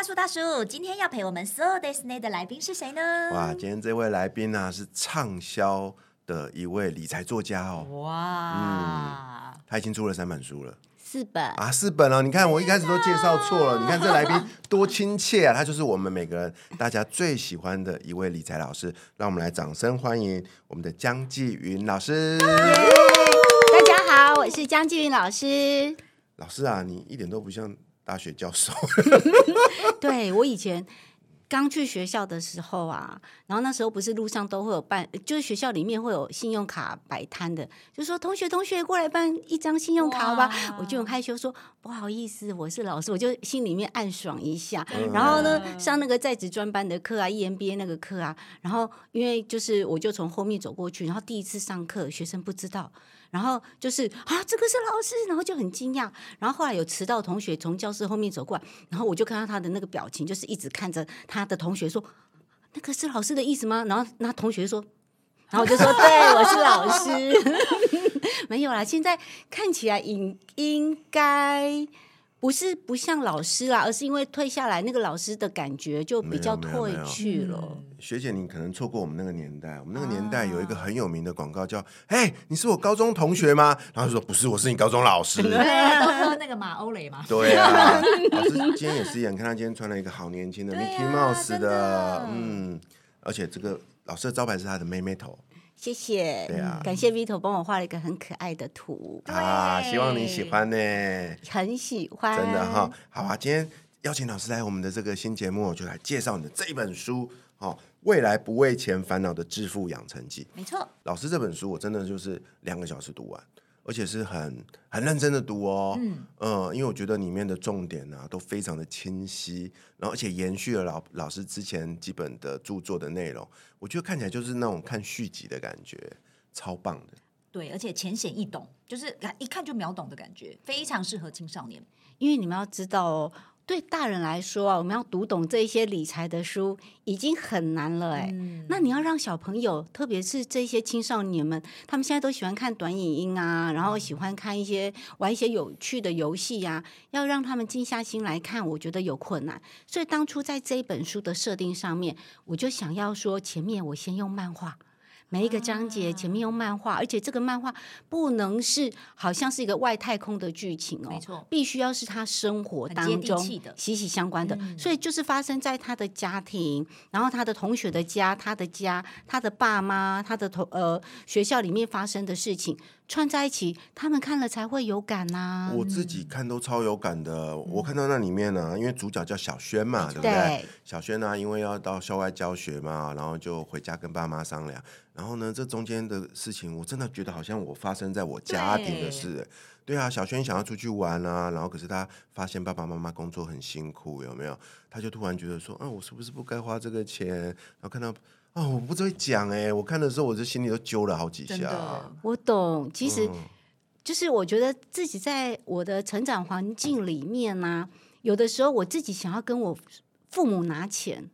大叔，大叔，今天要陪我們十二 d s n e y 的來賓是誰呢？哇，今天這位來賓呢、啊、是暢銷的一位理財作家哦。哇，嗯，他已經出了三本書了，四本啊，四本哦。你看我一開始都介紹錯了。哦、你看這來賓多親切啊， 他就是我們每個人大家最喜歡的一位理財老師。讓我們來掌聲歡迎我們的江繼雲老師。Yeah, 大家好，我是江繼雲老師。哦、老師啊，你一點都不像。大學教授 對，對，我以前剛去學校的時候啊，然後那時候不是路上都會有辦，就是學校裡面會有信用卡擺攤的，就說同學同學過來辦一張信用卡吧。哇我就很害羞說不好意思，我是老師，我就心裡面暗爽一下。嗯、然後呢，上那個在職專班的課啊，EMBA 那個課啊，然後因為就是我就從後面走過去，然後第一次上課，學生不知道。然後就是啊，這個是老師，然後就很驚訝。然後後來有遲到同學從教室後面走過來，然後我就看到他的那個表情，就是一直看着他的同學說：“那個是老師的意思嗎？”然後那同學說：“然後我就說， 對，我是老師。 ”沒有啦，現在看起來應應該不是不像老師啦，而是因為退下來那個老師的感覺就比較褪去了。學姐，你可能錯過我們那個年代。我們那個年代有一個很有名的廣告，叫“啊、嘿，你是我高中同學嗎？”然後說：“不是，我是你高中老師。 啊”那個馬歐蕾嘛。 對啊。老師今天也是一眼看他今天穿了一個好年輕的，Mickey Mouse 的。啊、的嗯，而且這個老師的招牌是他的妹妹頭。謝謝。對啊，感謝 Vito 幫我畫了一個很可愛的圖。啊，Hi 希望你喜歡呢。很喜歡。真的哈。好啊，今天邀請老師來我們的這個新節目，我就來介紹你的這一本書。未來不為錢煩惱的致富養成記，沒錯。老師這本書我真的就是兩個小時讀完，而且是很很認真的讀哦。嗯、呃，因為我覺得裡面的重點呢、啊、都非常的清晰，然後而且延續了老老師之前基本的著作的內容，我覺得看起來就是那種看續集的感覺，超棒的。對，而且淺顯易懂，就是看一看就秒懂的感覺，非常適合青少年。因為你們要知道哦。對大人來說啊，我們要讀懂這些理財的書已經很難了誒。嗯、那你要讓小朋友，特別是這些青少年們，他們現在都喜歡看短影音啊，然後喜歡看一些、嗯、玩一些有趣的遊戲呀、啊，要讓他們靜下心來看，我覺得有困難。所以當初在這一本書的設定上面，我就想要說，前面我先用漫畫。每一個章節前面用漫畫，啊、而且這個漫畫不能是好像是一個外太空的劇情哦，沒錯，必須要是他生活當中息息相關的，嗯、所以就是發生在他的家庭，然後他的同學的家、他的家、他的爸媽、他的同呃學校裡面發生的事情。串在一起，他們看了才會有感吶、啊。我自己看都超有感的。嗯、我看到那裡面呢、啊，因為主角叫小軒嘛，嗯、對不對？對小軒呢、啊，因為要到校外教學嘛，然後就回家跟爸媽商量。然後呢，這中間的事情，我真的覺得好像我發生在我家庭的事。對，對啊，小軒想要出去玩啊，然後可是他發現爸爸媽媽工作很辛苦，有沒有？他就突然覺得說，嗯、啊，我是不是不該花這個錢？然後看到。哦，我不知道。講哎，我看的時候，我就心裡都揪了好幾下。真的哦、我懂。其實，就是我覺得自己在我的成長環境裡面呢、啊，有的時候我自己想要跟我父母拿錢，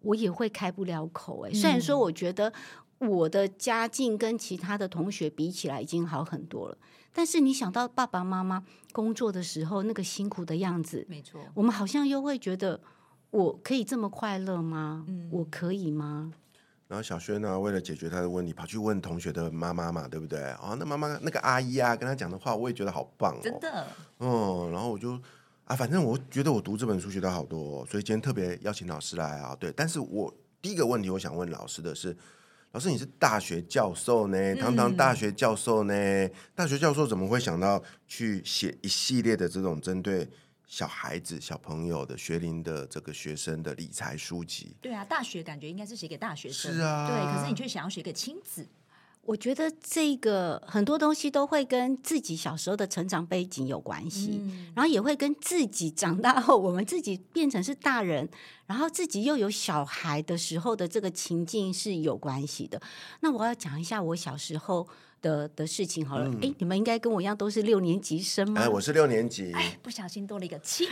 我也會開不了口哎。嗯、雖然說我覺得我的家境跟其他的同學比起來已經好很多了，但是你想到爸爸媽媽工作的時候那個辛苦的樣子，沒錯，我們好像又會覺得我可以這麼快樂嗎？嗯，我可以嗎？然後小軒呢，為了解決他的問題，跑去問同學的媽媽嘛，對不對？哦，那媽媽那個阿姨啊，跟他講的話，我也覺得好棒哦。真的。嗯，然後我就啊，反正我覺得我讀這本書學到好多哦，所以今天特別邀請老師來啊。對，但是我第一個問題我想問老師的是，老師你是大學教授呢，堂堂大學教授呢，嗯，大學教授怎麼會想到去寫一系列的這種針對？小孩子、小朋友的學齡的這個學生的理財書籍，對啊，大學感覺應該是寫給大學生，是啊，對。可是你卻想要寫給親子，我覺得這個很多東西都會跟自己小時候的成長背景有關係，嗯、然後也會跟自己長大後我們自己變成是大人，然後自己又有小孩的時候的這個情境是有關係的。那我要講一下我小時候。的的事情好了，哎、嗯欸，你們應該跟我一樣都是六年級生嘛？哎、呃，我是六年級，不小心多了一個七。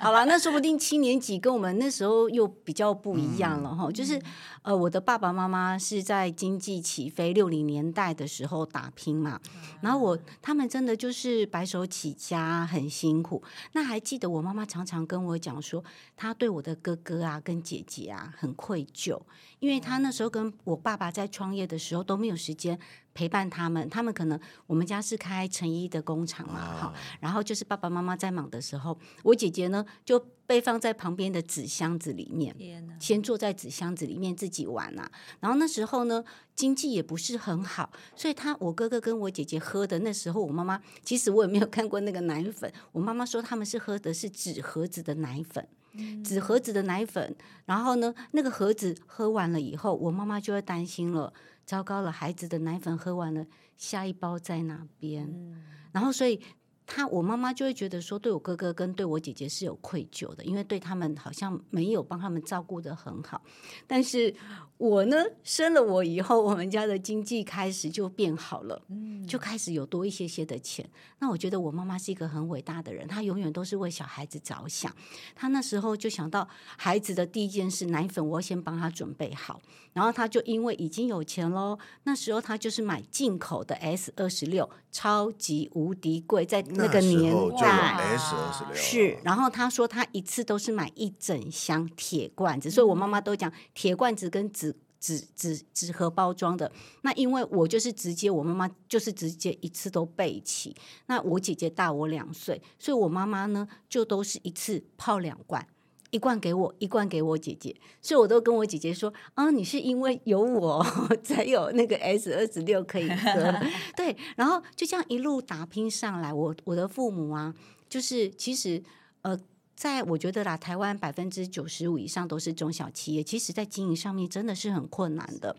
好了，那說不定七年級跟我們那時候又比較不一樣了哈。嗯、就是呃，我的爸爸媽媽是在經濟起飛六零年代的時候打拼嘛，嗯、然後我他們真的就是白手起家，很辛苦。那還記得我媽媽常常跟我講說，她對我的哥哥啊跟姐姐啊很愧疚，因為她那時候跟我爸爸在創業的時候都沒有時間。陪伴他們，他們可能我們家是開成衣的工廠嘛，Wow. 好，然後就是爸爸媽媽在忙的時候，我姐姐呢就被放在旁邊的紙箱子裡面，哪先坐在紙箱子裡面自己玩啊。然後那時候呢，經濟也不是很好，所以他我哥哥跟我姐姐喝的那時候，我媽媽其實我也沒有看過那個奶粉，我媽媽說他們是喝的是紙盒子的奶粉，嗯、紙盒子的奶粉。然後呢，那個盒子喝完了以後，我媽媽就會擔心了。糟糕了，孩子的奶粉喝完了，下一包在哪邊？嗯、然後，所以他我媽媽就會覺得說，對我哥哥跟對我姐姐是有愧疚的，因為對他們好像沒有幫他們照顧得很好，但是。我呢，生了我以後，我們家的經濟開始就變好了，嗯，就開始有多一些些的錢。那我覺得我媽媽是一個很偉大的人，她永遠都是為小孩子着想。她那時候就想到孩子的第一件事，奶粉我要先幫他準備好。然後她就因為已經有錢嘍，那時候她就是買進口的 S 二十六，超級無敵貴，在那個年代、S 二十六啊，是。然後她說她一次都是買一整箱鐵罐子，嗯、所以我媽媽都講鐵罐子跟紙。紙紙紙盒包裝的，那因為我就是直接我媽媽就是直接一次都備齊。那我姐姐大我兩歲，所以我媽媽呢就都是一次泡兩罐，一罐給我，一罐給我姐姐。所以我都跟我姐姐說啊，你是因為有我才有那個 S 二十六可以喝。 對，然後就這樣一路打拼上來，我我的父母啊，就是其實呃。在我覺得啦，台灣百分之九十五以上都是中小企業，其實在經營上面真的是很困難的。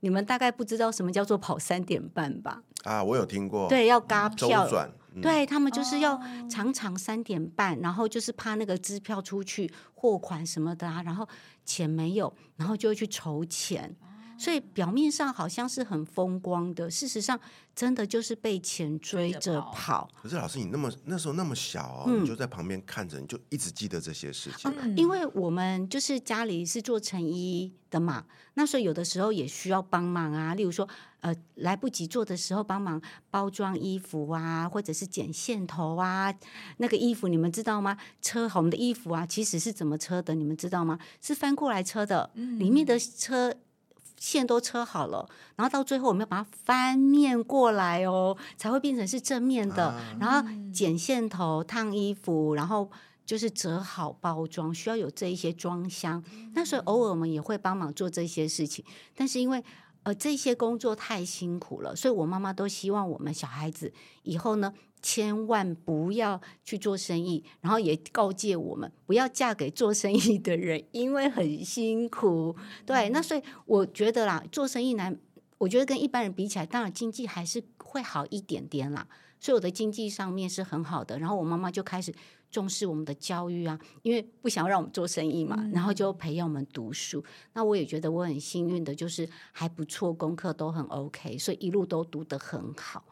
你們大概不知道什麼叫做跑三點半吧？啊，我有聽過。對，要軋票，嗯嗯、對他們就是要常常三點半，哦、然後就是怕那個支票出去貨款什麼的啊，然後錢沒有，然後就會去籌錢。所以表面上好像是很風光的，事實上真的就是被錢追着跑。可是老師，你那麼那時候那麼小，啊嗯、你就在旁邊看着，你就一直記得這些事情，嗯。因為我們就是家裡是做成衣的嘛，那所以有的時候也需要幫忙啊，例如說呃來不及做的時候，幫忙包裝衣服啊，或者是剪線頭啊。那個衣服你們知道嗎？車我們的衣服啊，其實是怎麼車的？你們知道嗎？是翻過來車的，裡面的車。嗯線都車好了，然後到最後我們要把它翻面過來哦，才會變成是正面的。啊、然後剪線頭、嗯、燙衣服，然後就是折好包裝，需要有這一些裝箱。嗯、那所以偶爾我們也會幫忙做這些事情，但是因為。呃，這些工作太辛苦了，所以我媽媽都希望我們小孩子以後呢，千萬不要去做生意。然後也告誡我們不要嫁給做生意的人，因為很辛苦。對，嗯、那所以我覺得啦，做生意難，我覺得跟一般人比起來，當然經濟還是會好一點點啦。所以我的經濟上面是很好的。然後我媽媽就開始。重視我們的教育啊，因為不想要讓我們做生意嘛，嗯、然後就培養我們讀書。那我也覺得我很幸運的，就是還不錯，功課都很 OK，所以一路都讀得很好。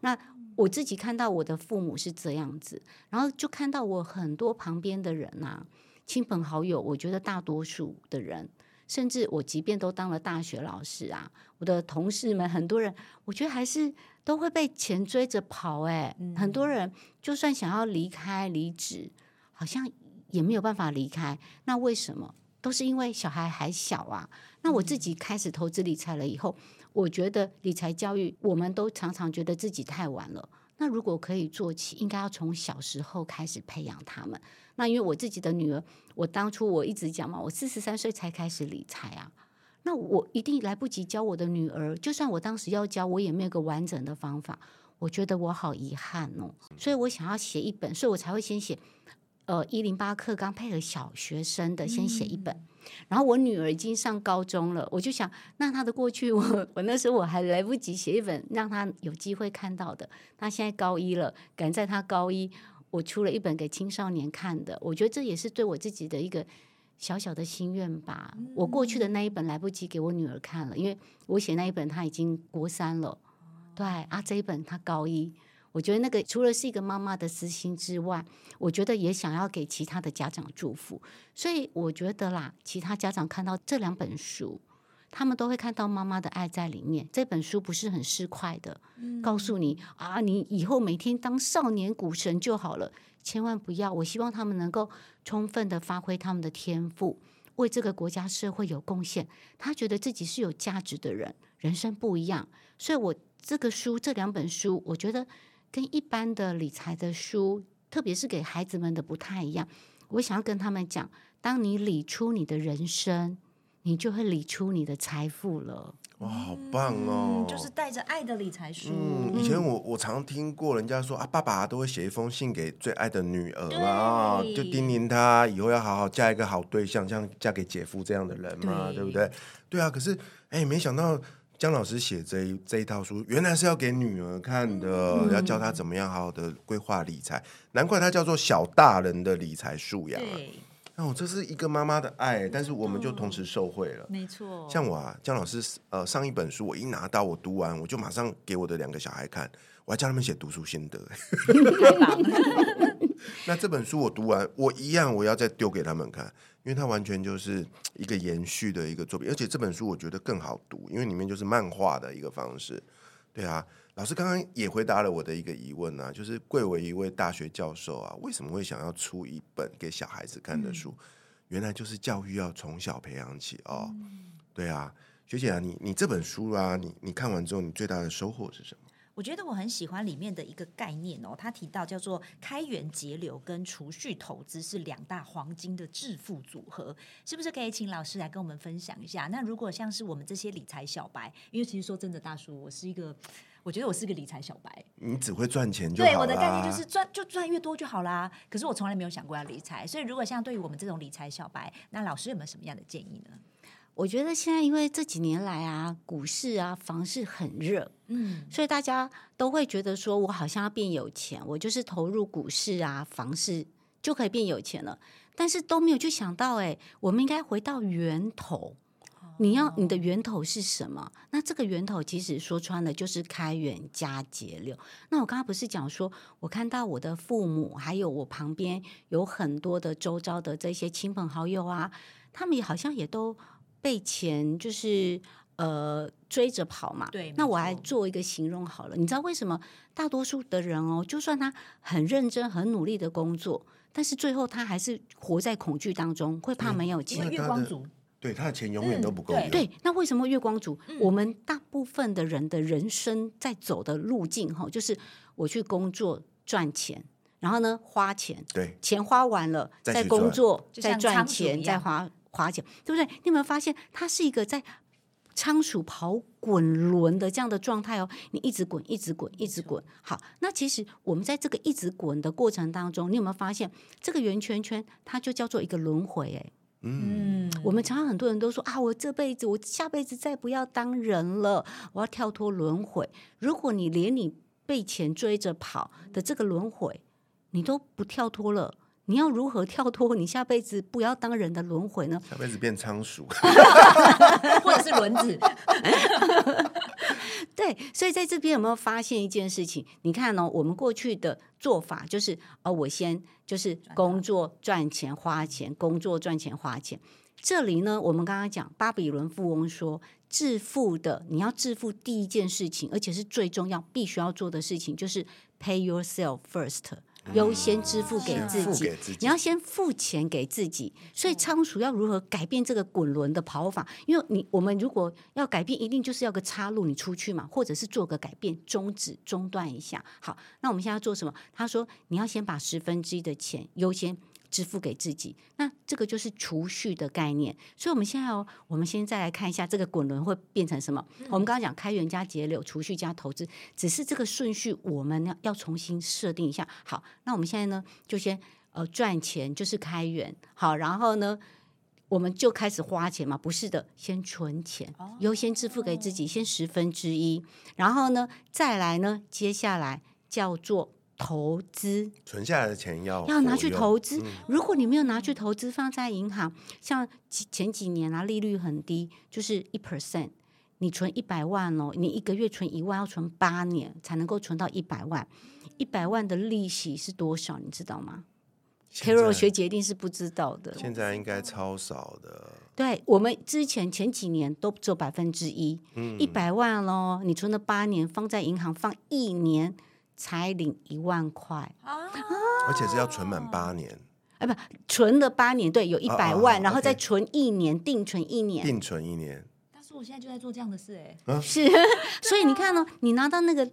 那我自己看到我的父母是這樣子，然後就看到我很多旁邊的人吶、啊，親朋好友，我覺得大多數的人，甚至我即便都當了大學老師啊，我的同事們很多人，我覺得還是。都會被錢追着跑欸，很多人就算想要離開離職，好像也沒有辦法離開。那為什麼？都是因為小孩還小啊。那我自己開始投資理財了以後，我覺得理財教育，我們都常常覺得自己太晚了。那如果可以做起，應該要從小時候開始培養他們。那因為我自己的女兒，我當初我一直講嘛，我四十三歲才開始理財啊。那我一定來不及教我的女兒，就算我當時要教，我也沒有個完整的方法。我覺得我好遺憾哦，所以我想要寫一本，所以我才會先寫，呃，一零八課綱，配合小學生的先寫一本。嗯、然後我女兒已經上高中了，我就想，那她的過去，我我那時候我還來不及寫一本，讓她有機會看到的。她現在高一了，趕在她高一，我出了一本給青少年看的。我覺得這也是對我自己的一個。小小的心願吧，我過去的那一本來不及給我女兒看了，因為我寫那一本她已經國三了，對，啊這一本她高一，我覺得那個除了是一個媽媽的私心之外，我覺得也想要給其他的家長祝福，所以我覺得啦，其他家長看到這兩本書。他們都會看到媽媽的愛在裡面。這本書不是很市儈的，嗯、告訴你啊，你以後每天當少年股神就好了，千萬不要。我希望他們能夠充分的發揮他們的天賦，為這個國家社會有貢獻。他覺得自己是有價值的人，人生不一樣。所以我這個書，這兩本書，我覺得跟一般的理財的書，特別是給孩子們的不太一樣。我想要跟他們講，當你理出你的人生，你就會理出你的財富了，哇，好棒哦！嗯、就是帶着愛的理財書。嗯，以前我我常聽過人家說啊，爸爸都會寫一封信給最愛的女兒啊，對就叮嚀她以後要好好嫁一個好對象，像嫁給姐夫這樣的人嘛，對，對不對？對啊，可是哎、欸，沒想到江老師寫這一這一套書，原來是要給女兒看的，嗯、要教她怎麼樣好好的規劃理財。難怪她叫做小大人的理財素養、啊。哦，這是一個媽媽的愛，但是我們就同時受惠了。嗯，沒錯，像我啊，江老師，呃，上一本書我一拿到，我讀完，我就馬上給我的兩個小孩看，我還教他們寫讀書心得欸。 那這本書我讀完，我一樣我要再丟給他們看，因為它完全就是一個延續的一個作品，而且這本書我覺得更好讀，因為裡面就是漫畫的一個方式。對啊。老師剛剛也回答了我的一個疑問啊，就是貴為一位大學教授啊，為什麼會想要出一本給小孩子看的書？嗯。原來就是教育要從小培養起哦。嗯。對啊，學姐啊，你你這本書啊，你你看完之後，你最大的收穫是什麼？我覺得我很喜歡裡面的一個概念哦，他提到叫做開源節流跟儲蓄投資是兩大黃金的致富組合，是不是？可以請老師來跟我們分享一下。那如果像是我們這些理財小白，因為其實說真的，大叔我是一個。我覺得我是個理財小白，你只會賺錢就好啦。對，我的概念就是賺就賺越多就好啦。可是我從來沒有想過要理財，所以如果像對於我們這種理財小白，那老師有沒有什麼樣的建議呢？我覺得現在因為這幾年來啊，股市啊、房市很熱，嗯，所以大家都會覺得說我好像要變有錢，我就是投入股市啊、房市就可以變有錢了，但是都沒有去想到、欸，哎，我們應該回到源頭。你要你的源頭是什麼？Oh. 那這個源頭其實說穿了就是開源加節流。那我剛剛不是講說，我看到我的父母，還有我旁邊有很多的周遭的這些親朋好友啊，他們也好像也都被錢就是、嗯、呃追着跑嘛。對，那我還做一個形容好了，沒錯。你知道為什麼大多數的人哦，就算他很認真、很努力的工作，但是最後他還是活在恐懼當中，會怕沒有錢、嗯、月光族。對，他的錢永遠都不夠、嗯、對，對，那為什麼月光族？嗯、我們大部分的人的人生在走的路徑吼，就是我去工作賺錢，然後呢花錢。對，錢花完了，再，再工作，再賺錢，再花花錢，對不對？你有沒有發現，它是一個在倉鼠跑滾輪的這樣的狀態哦？你一直滾，一直滾，一直滾。好，那其實我們在這個一直滾的過程當中，你有沒有發現這個圓圈圈，它就叫做一個輪回、欸嗯，嗯，我們常常很多人都說啊，我這輩子，我下輩子再不要當人了，我要跳脫輪迴。如果你連你被錢追着跑的這個輪迴，你都不跳脫了，你要如何跳脫？你下輩子不要當人的輪迴呢？下輩子變倉鼠， 或者是輪子。 對，所以在這邊有沒有發現一件事情？你看呢、哦？我們過去的做法就是，哦、呃，我先就是工作賺錢花錢，工作賺錢花錢。這裡呢，我們剛剛講巴比倫富翁說，致富的你要致富第一件事情，而且是最重要必須要做的事情，就是 pay yourself first。嗯、優先支付給自己，自己你要先付錢給自己。所以倉鼠要如何改變這個滾輪的跑法？因為你我們如果要改變，一定就是要個岔路，你出去嘛，或者是做個改變，中止，中斷一下。好，那我們現在要做什麼？他說你要先把十分之一的錢優先。支付給自己，那這個就是儲蓄的概念。所以，我們現在、哦，我們現在再來看一下這個滾輪會變成什麼。嗯、我們剛剛講開源加節流，儲蓄加投資，只是這個順序我們呢要重新設定一下。好，那我們現在呢就先呃賺錢，就是開源，好，然後呢我們就開始花錢嘛？不是的，先存錢，哦、優先支付給自己，嗯、先十分之一，然後呢再來呢，接下來叫做。投資存下來的錢要要拿去投資，嗯、如果你沒有拿去投資，放在銀行，像前幾年啊，利率很低，就是一 percent，你存一百萬嘍，你一個月存一萬,萬，要存八年才能夠存到一百萬，一百萬的利息是多少，你知道嗎？Carol 在學姐一定是不知道的，現在應該超少的，對，我們之前前幾年都只有百分之一，一百、嗯、萬嘍，你存了八年放在銀行放一年，才領一萬塊，啊啊、而且是要存滿八年，哎、啊，不，存了八年，對，有一百萬，啊啊啊、然後再存一年，啊 okay、定存一年，定存一年。但是我現在就在做這樣的事、欸，哎、啊，是，所以你看呢、哦， 對啊、你拿到那個。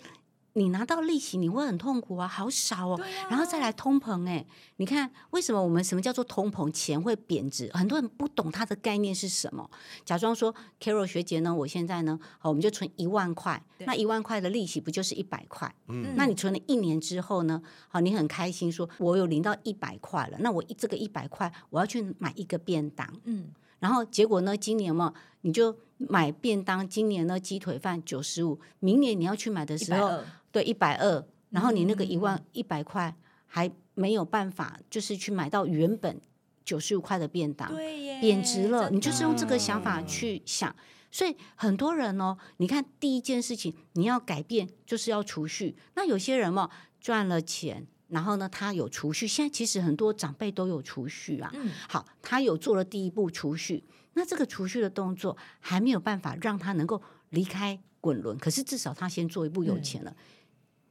你拿到利息，你會很痛苦啊，好少哦。對啊。然後再來通膨，哎、欸，你看為什麼我們什麼叫做通膨？錢會貶值，很多人不懂它的概念是什麼。假裝說，Carol 學姐呢，我現在呢，好，我們就存一萬塊，對那一萬塊的利息不就是一百塊？嗯。那你存了一年之後呢？好，你很開心說，我有領到一百塊了。那我這個一百塊，我要去買一個便當。嗯。然後結果呢？今年嘛，你就買便當，今年呢雞腿飯九十五，明年你要去買的時候。對一百二，120，然後你那個一萬一百塊還沒有辦法，就是去買到原本九十五塊的便當，對耶貶值了。哦、你就是用這個想法去想，所以很多人哦，你看第一件事情你要改變，就是要儲蓄。那有些人嘛、哦、賺了錢，然後呢他有儲蓄，現在其實很多長輩都有儲蓄啊。嗯、好，他有做了第一步儲蓄，那這個儲蓄的動作還沒有辦法讓他能夠離開滾輪，可是至少他先做一步有錢了。嗯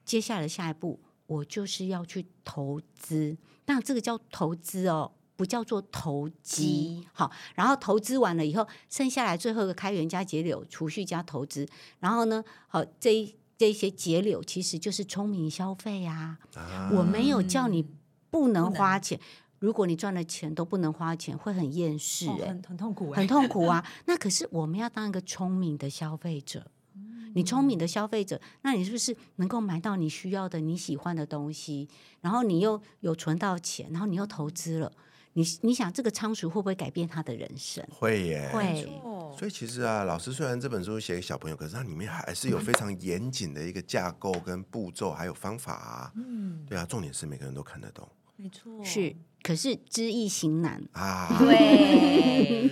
接下來下一步，我就是要去投資。那這個叫投資哦，不叫做投機。嗯、好，然後投資完了以後，剩下來最後一個開源加節流，儲蓄加投資。然後呢，好，這，這一這些節流其實就是聰明消費啊。啊我沒有叫你不能花錢。嗯、如果你賺的錢都不能花錢，會很厭世、欸哦很，很痛苦、欸，很痛苦啊。嗯、那可是我們要當一個聰明的消費者。你聰明的消費者，那你是不是能夠買到你需要的、你喜歡的東西？然後你又有存到錢，然後你又投資了。你你想這個倉鼠會不會改變他的人生？會耶，會。所以其實啊，老師雖然這本書寫給小朋友，可是它裡面還是有非常嚴謹的一個架構跟步驟，還有方法啊。嗯，對啊，重點是每個人都看得懂。沒錯，是，可是知易行難啊！對，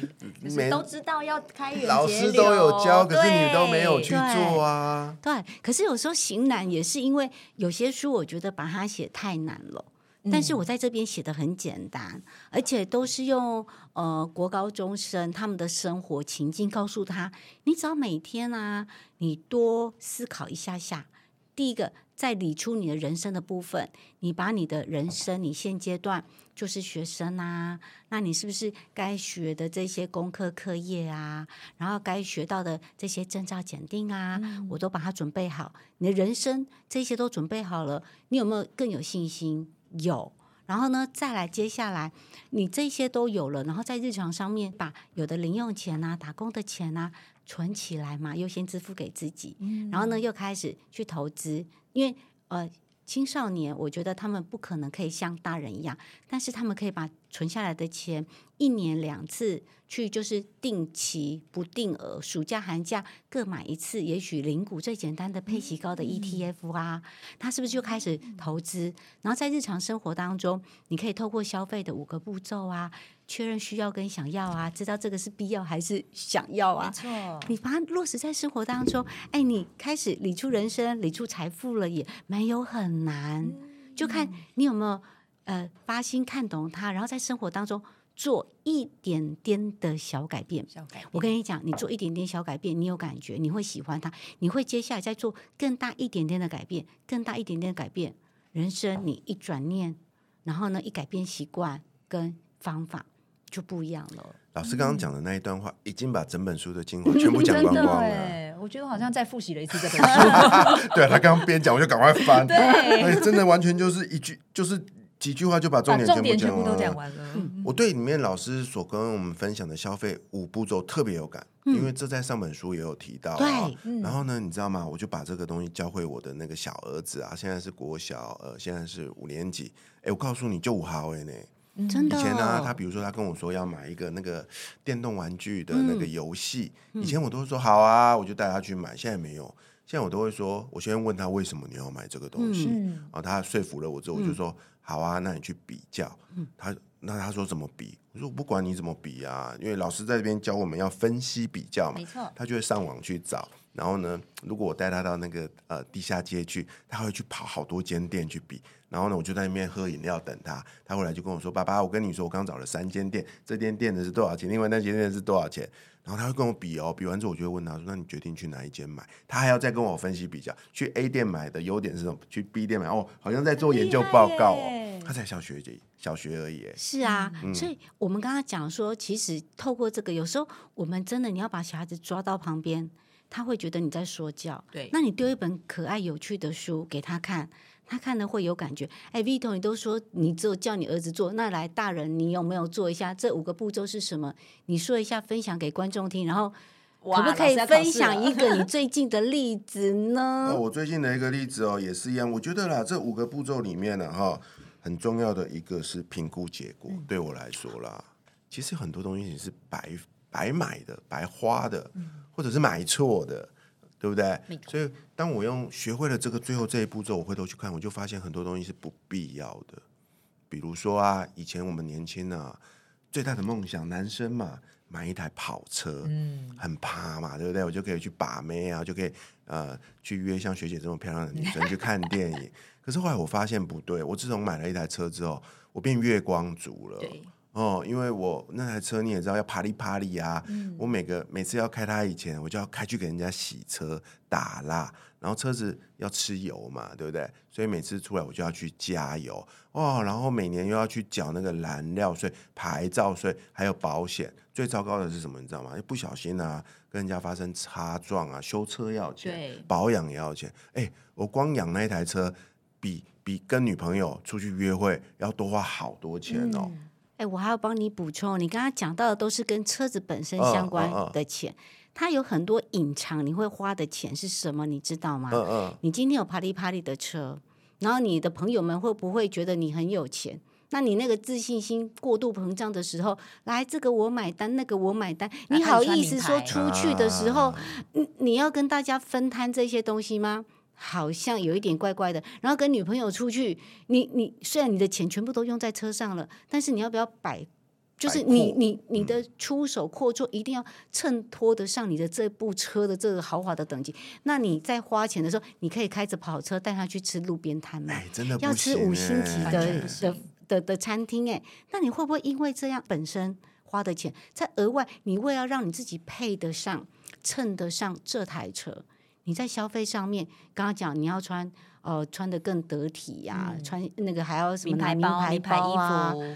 都 都知道要開源節流，老師都有教，對可是你都沒有去做啊。對。對，可是有時候行難也是因為有些書我覺得把它寫太難了，嗯、但是我在這邊寫得很簡單，而且都是用呃國高中生他們的生活情境告訴他，你只要每天啊，你多思考一下下，第一個。在理出你的人生的部分，你把你的人生，你現階段就是學生啊，那你是不是該學的這些功課、課業啊，然後該學到的這些證照檢定啊，我都把它準備好。你的人生這些都準備好了，你有沒有更有信心？有。然後呢，再來接下來，你這些都有了，然後在日常上面把有的零用錢啊、打工的錢啊存起來嘛，優先支付給自己。然後呢，又開始去投資。因為呃，青少年我覺得他們不可能可以像大人一樣，但是他們可以把存下來的錢，一年兩次去，就是定期不定額，暑假寒假各買一次，也許零股最簡單的配息高的 ETF 啊，嗯嗯、它是不是就開始投資？嗯、然後在日常生活當中，你可以透過消費的五個步驟啊，確認需要跟想要啊，知道這個是必要還是想要啊，錯錯，你反而落實在生活當中，哎、欸，你開始理出人生、理出財富了，也沒有很難，嗯、就看你有沒有。呃，發心看懂他，然後在生活當中做一點點的小改變。改變，我跟你講，你做一點點小改變，你有感覺，你會喜歡他，你會接下來再做更大一點點的改變，更大一點點的改變。人生你一轉念，然後呢，一改變習慣跟方法，就不一樣了。老師剛剛講的那一段話，嗯、已經把整本書的精華全部講完了。真的、欸。我覺得好像在復習了一次這本書。對他剛剛邊講，我就趕快翻。對、 哎，真的完全就是一句，就是。幾句話就把重點全部講完了。完了嗯、我對裡面老師所跟我們分享的消費五步驟特別有感，嗯、因為這在上本書也有提到。對、嗯，然後呢，嗯、你知道嗎？我就把這個東西教會我的那個小兒子啊，現在是國小，呃，現在是五年級。哎，我告訴你，就五毫耶！呢的，真的。以前呢、啊，他比如說他跟我說要買一個那個電動玩具的那個遊戲，嗯嗯、以前我都會說好啊，我就帶他去買。現在沒有，現在我都會說，我先問他為什麼你要買這個東西，嗯、然後他說服了我之後，我就說。嗯好啊，那你去比較。嗯，他那他說怎麼比？我說我不管你怎麼比啊，因為老師在這邊教我們要分析比較嘛。沒錯。他就會上網去找。然後呢，如果我帶他到那個呃地下街去，他會去跑好多間店去比。然後呢，我就在那邊喝飲料等他。他回來就跟我說：“爸爸，我跟你說，我剛找了三間店，這間店的是多少錢？另外那間店的是多少錢？”然後他會跟我比哦，比完之後我就會問他說：“那你決定去哪一間買？”他還要再跟我分析比較，去 A 店買的優點是什麼，去 B 店買哦，好像在做研究報告哦。欸、哦他才小學，小學而已。是啊，嗯、所以我們剛剛講說，其實透過這個，有時候我們真的，你要把小孩子抓到旁邊。他會覺得你在說教，對。那你丟一本可愛有趣的書給他看，嗯、他看了會有感覺。哎，Vito，你都說你只有叫你兒子做，那來大人，你有沒有做一下？這五個步驟是什麼？你說一下，分享給觀眾聽。然後，哇可不可以分享一個你最近的例子呢？ 我最近的一個例子哦，也是一樣。我覺得啦，這五個步驟裡面呢，哈，很重要的一個是評估結果。嗯、對我來說啦，其實很多東西你是白。白買的、白花的，嗯、或者是買錯的，對不對？那個、所以當我用學會了這個最後這一步驟，我回頭去看，我就發現很多東西是不必要的。比如說啊，以前我們年輕啊，最大的夢想，男生嘛，買一台跑車，嗯，很趴嘛，對不對？我就可以去把妹啊，就可以呃，去約像學姐這麼漂亮的女生 去看電影。可是後來我發現不對，我自從買了一台車之後，我變月光族了。對哦，因為我那台車你也知道要啪里啪里啊，嗯、我每個每次要開它以前，我就要開去給人家洗車打蠟，然後車子要吃油嘛，對不對？所以每次出來我就要去加油哦，然後每年又要去繳那個燃料稅、牌照稅，還有保險。最糟糕的是什麼？你知道嗎？一、欸、不小心啊，跟人家發生擦撞啊，修車要錢，對保養也要錢。哎、欸，我光養那台車，比比跟女朋友出去約會要多花好多錢哦。嗯我還要幫你補充，你剛剛講到的都是跟車子本身相關的錢，uh, uh, uh. 它有很多隱藏。你會花的錢是什麼？你知道嗎？Uh, uh. 你今天有啪哩啪哩的車，然後你的朋友們會不會覺得你很有錢？那你那個自信心過度膨脹的時候，來這個我買單，那個我買單，你好意思說出去的時候，你、uh. 你要跟大家分攤這些東西嗎？好像有一點怪怪的，然後跟女朋友出去，你你雖然你的錢全部都用在車上了，但是你要不要擺，就是你擴你你的出手闊綽一定要襯托得上你的這部車的這個豪華的等級。那你在花錢的時候，你可以開着跑車帶她去吃路邊攤嘛、哎，真的不要吃五星級的、哎、呀的的的餐廳，誒，那你會不會因為這樣本身花的錢，再額外你為了讓你自己配得上、襯得上這台車？你在消費上面，剛剛講你要穿呃穿得更得體呀、啊，嗯、穿那個還要什麼名牌包、名牌包、啊、名牌衣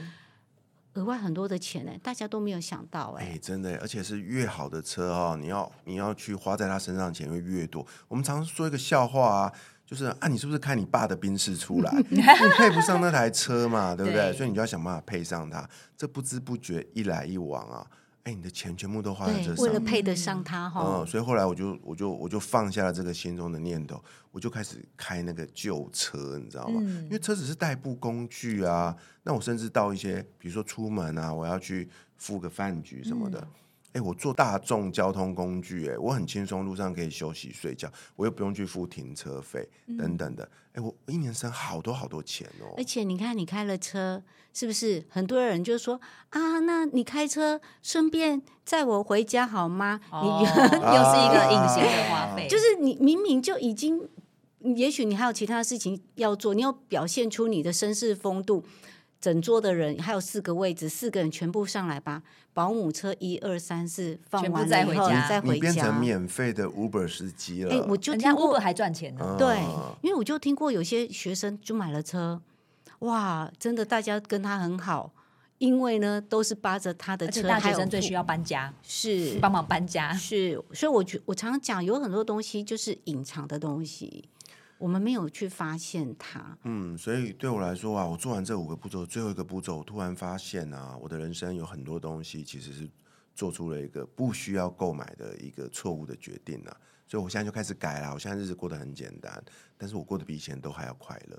服，額外很多的錢呢，大家都沒有想到哎、欸。真的，而且是越好的車哦，你要你要去花在他身上錢會越多。我們常說一個笑話啊，就是啊，你是不是看你爸的賓士出來， 你配不上那台車嘛， 對不對？對所以你就要想辦法配上它。這不知不覺一來一往啊。哎，你的錢全部都花在這上面，為了配得上他哈、哦嗯。所以後來我就我就我就放下了這個心中的念頭，我就開始開那個舊車，你知道嗎？嗯、因為車子是代步工具啊。那我甚至到一些，比如說出門啊，我要去赴個飯局什麼的。嗯哎、欸，我坐大眾交通工具、欸，哎，我很輕鬆，路上可以休息睡覺，我又不用去付停車費、嗯、等等的。哎、欸，我一年省好多好多錢哦、喔。而且你看，你開了車，是不是很多人就說啊？那你開車順便載我回家好嗎？你又是一個隱形的花費，啊、就是你明明就已經，也許你還有其他事情要做，你要表現出你的紳士風度。整座的人還有四個位置，四個人全部上來吧。保姆車一二三四放完回家。以後，你你變成免費的 Uber 司機了。哎、欸，我就聽人家 Uber 還賺錢呢。對，哦、因為我就聽過有些學生就買了車，哇，真的大家跟他很好，因為呢都是扒着他的車。而且大學生最需要搬家，是幫是忙搬家，是。所以我，我覺我常常講，有很多東西就是隱藏的東西。我們沒有去發現它，嗯，所以對我來說啊，我做完這五個步驟，最後一個步驟，我突然發現啊，我的人生有很多東西其實是做出了一個不需要購買的一個錯誤的決定啊，所以我現在就開始改了，我現在日子過得很簡單，但是我過得比以前都還要快樂。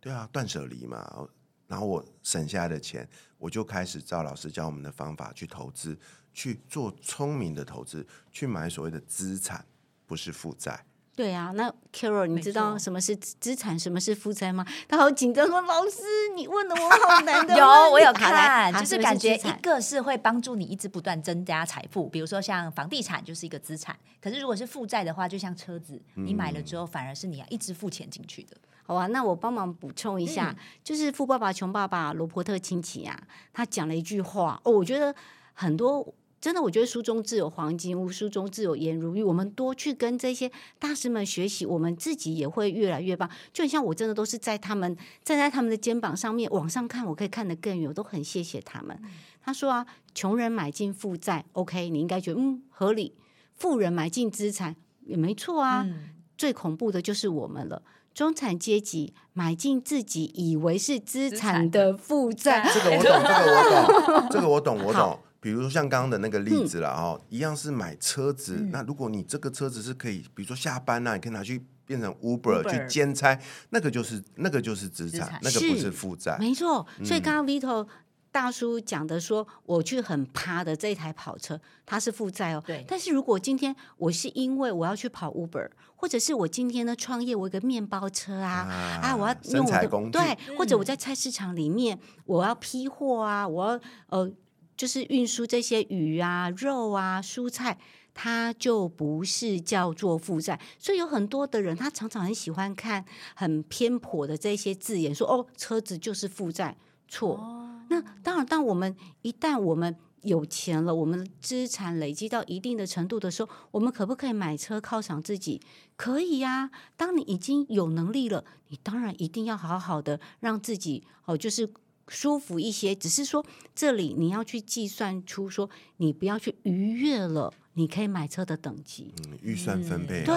對啊，斷捨離嘛，然後我省下的錢，我就開始照老師教我們的方法去投資，去做聰明的投資，去買所謂的資產，不是負債。對啊，那 Carol，你知道什麼是資產，錯什麼是負債嗎？他好緊張說，說老師，你問的我好難的。 有，我有看，看啊、就是感覺一個是會幫助你一直不斷增加財富，比如說像房地產就是一個資產。可是如果是負債的話，就像車子，你買了之後反而是你要一直付錢進去的。嗯、好啊，那我幫忙補充一下，嗯、就是《富爸爸窮爸爸》羅伯特清崎呀、啊，他講了一句話，哦、我覺得很多。真的，我覺得書中自有黃金屋，書中自有顏如玉。我們多去跟這些大師們學習，我們自己也會越來越棒。就像我真的都是在他們站在他們的肩膀上面往上看，我可以看得更遠，我都很謝謝他們。嗯、他說啊，窮人買進負債，OK，你應該覺得嗯，合理；富人買進資產也沒錯啊。嗯、最恐怖的就是我們了，中產階級買進自己以為是資產的負債。負債這個我懂，這個我懂， 這個我懂，我懂。比如說像剛剛的那個例子了哦，一樣是買車子。那如果你這個車子是可以，比如說下班啦，你可以拿去變成 Uber 去兼差，那個就是那個就是資產，那個不是負債。沒錯。所以剛剛 Vito 大叔講的說，我去很趴的這台跑車，它是負債哦。對。但是如果今天我是因為我要去跑 Uber，或者是我今天的創業，我一個麵包車啊啊，我要用我的生財工具，對，或者我在菜市場裡面我要批貨啊，我要呃。就是運輸這些魚啊、肉啊、蔬菜，它就不是叫做負債。所以有很多的人，他常常很喜歡看很偏頗的這些字眼，說：“哦，車子就是負債。”錯。哦、那當然，當我們一旦我們有錢了，我們資產累積到一定的程度的時候，我們可不可以買車犒賞自己？可以呀、啊。當你已經有能力了，你當然一定要好好的讓自己哦，就是。舒服一些，只是說這裡你要去計算出說，你不要去逾越了，你可以買車的等級。嗯，預算分配啊。對，對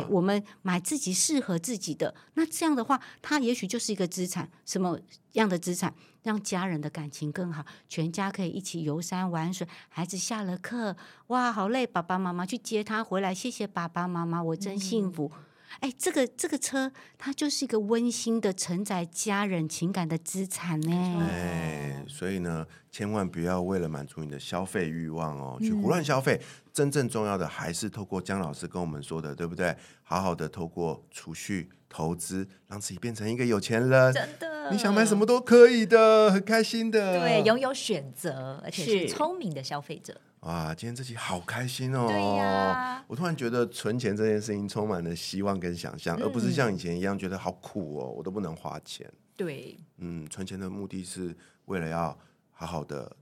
啊，我們買自己適合自己的，那這樣的話，它也許就是一個資產，什麼樣的資產？讓家人的感情更好，全家可以一起遊山玩水。孩子下了課，哇，好累，爸爸媽媽去接他回來，謝謝爸爸媽媽，我真幸福。嗯。哎，這個這個車，它就是一個溫馨的承載家人情感的資產呢。哎，所以呢，千萬不要為了滿足你的消費欲望哦，去胡亂消費。嗯，真正重要的還是透過江老師跟我們說的，對不對？好好的透過儲蓄、投資，讓自己變成一個有錢人。真的，你想買什麼都可以的，很開心的。對，擁有選擇，而且是聰明的消費者。哇，今天這期好開心哦！呀我突然覺得存錢這件事情充滿了希望跟想象，嗯、而不是像以前一樣覺得好苦哦，我都不能花錢。對，嗯，存錢的目的是為了要好好的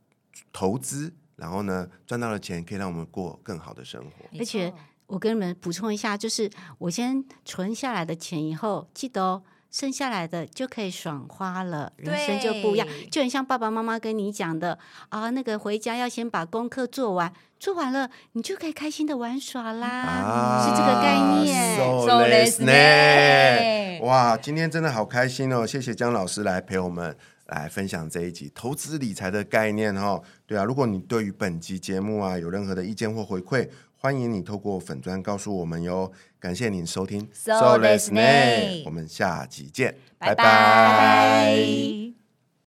投資，然後呢，賺到了錢可以讓我們過更好的生活。而且我給你們補充一下，就是我先存下來的錢以後記得哦。剩下來的就可以爽花了，人生就不一樣，對就很像爸爸媽媽跟你講的啊，那個回家要先把功課做完，做完了你就可以開心的玩耍啦，啊、是這個概念。そうですね。哇，今天真的好開心哦！謝謝江老師來陪我們來分享這一集投資理財的概念哦，對啊，如果你對於本集節目啊有任何的意見或回饋，歡迎你透過粉磚告訴我們喲，感謝您收聽，So l i s n e n 我們下集見，拜拜。拜拜